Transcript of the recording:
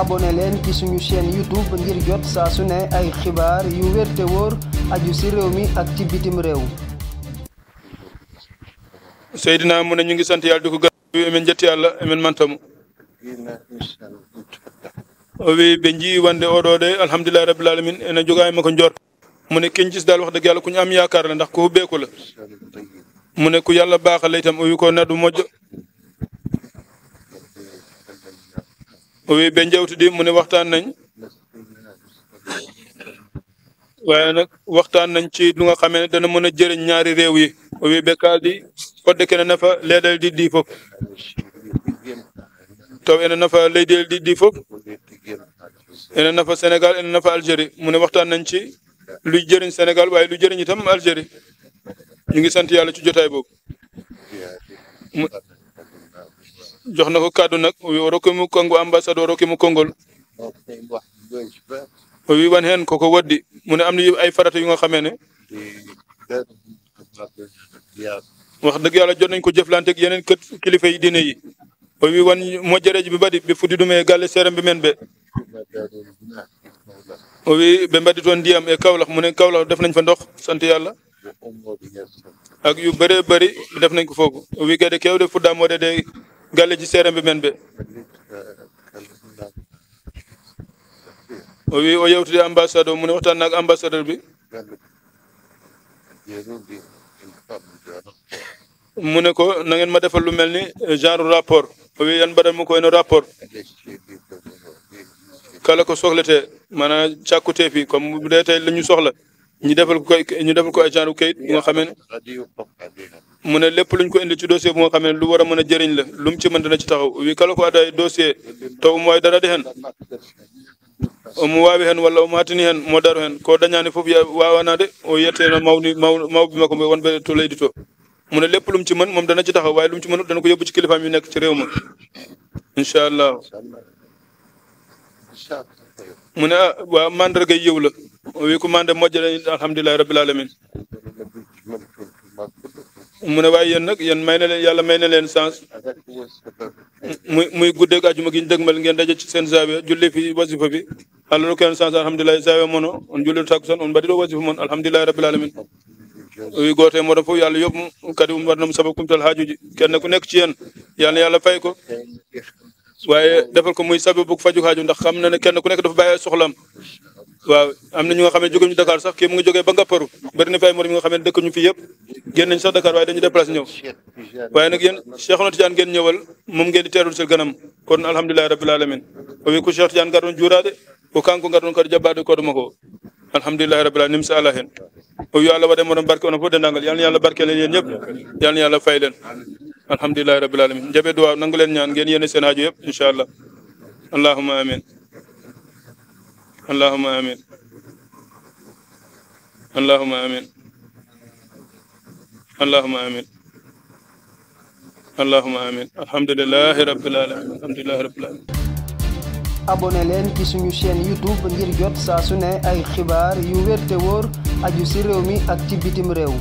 abonné leen ci suñu chaîne YouTube ngir jot saa su ay xibaar yu wér te aju ci réew mi ak ci bitim réew. Seydina mu ne ñu ngi sant yàlla di ko gërëm amen njëtt yàlla amen ko jor mu ne kencis dal wax dëgg yàlla ku ñu am yaakaar la ndax ko hubbeeku la mu ku yàlla baaxal la itam o wi ko naddu moƴƴo owi be njawtu di mu ne waxtaan nañ waaye nag waxtaan nañ ci lu nga xamee ne dana mën a jëriñ ñaari réew yi owi be kaaldi fodde kene nafa leedal di di fof taw ene nafa leydel di di fof ene nafa Sénégal ene nafa Algérie mu ne waxtaan nañ ci lu jëriñ Sénégal waaye lu jëriñ itam Algérie ñu ngi sant yàlla ci jotaay boobu jox na ko kàddu nag orokimu kongo ambassadeur orokimu kongol o wiwan hen koko waddi mu ne am na ay farata yu nga xamee ne wax dëgg yàlla jot nañ ko jëflanteeg yeneen kër kilifa yi diine yi o wiwan moƴƴereji ɓe mbaɗi ɓe fuddiɗume galle men ɓe o wi ɓe mbaɗi toon ndiyam e kawlax mu ne kawlax def nañ fa ndox sant yàlla ak yu bëree bëri def nañ ko foofu o wi gade kewɗe de galleji seeremɓe men ɓe o wi o yewtude ambassade o mune hottannak ambassadeur bi mu ne ko na ngeen ma defal lu mel ni eh, genre rapport o wi yan mbaɗanmi ko eno rapport kala ko sohlete maanaam càkkuteefi comme bu dee tey la ñu soxla ñu defal ko ñu defal ko ay genre kayit bu nga xamee ne mu ne lépp luñ ko indi ci dossier bu nga xamee lu war a mën a jëriñ la lu mu ci mën dana ci taxaw wi kala ko adday dossier to um wawi darade hen omo wawi hen walla omo hattini hen mo daro hen ko dañaani fof wawanade o yetteno mawni maw mawɓe makko ɓe wonɓe to leydi to mu ne lépp lu mu ci mën moom dana ci taxaw waaye lu mu ci mënut dana ko yóbbu ci kilifaam yu nekk ci réew ma incha allah mu ne ah waa yiw la wi ku mande mojj lañu alhamdulilahi rabbil alamin mu ne waaye yéen nag yéen may na leen yàlla may na leen sens muy muy guddeeg ma gi ñu dëgmal ngeen daje ci seen zaawiya julli fi wasifa bi allah no ken sens alhamdulilahi zaawiya mono on julli takusan on mbaɗiɗo wasifa mon alhamdulilahi rabbil alamin wi goote moɗon fof yo allah yoɓmu kadi um waɗanom sababu kumtal haajuji kenne ko nekk ci yen yàlla yàlla fay ko waaye defal ko muy sababu ko faju haaju ndax xam na ne kenn ku nekk dafa bàyyi soxlam waaw am na ñu nga xam ne jóge ñu Dakar sax kii mu ngi jógee ba Ngaparou bari na fi ay morom yi nga xam ne dëkk ñu fi yëpp génn nañ sax Dakar waaye dañu déplacé ñëw waaye nag yéen Cheikhouna Tidiane ngeen ñëwal o wi ko Cheikh Tidiane ngarɗon juurade ko kanko ngarɗon kadi jabbade koɗo makko alhamdulillahi rabbil alamin nimsa ala hen o wi allah waɗe moɗon barke onon fof dendagal yalno yo allah barke len yeen ñëpp yalno yo allah fay len alhamdulillahi rabbil allahuma amin allahuma amin allahuma amin allahuma amin alhamdulilahi rabbil alamin alhamdulilahi leen ci suñu chaîne youtube ngir jot saa su ne ay xibaar yu wér te wóor aju si réew mi ak ci bitim réew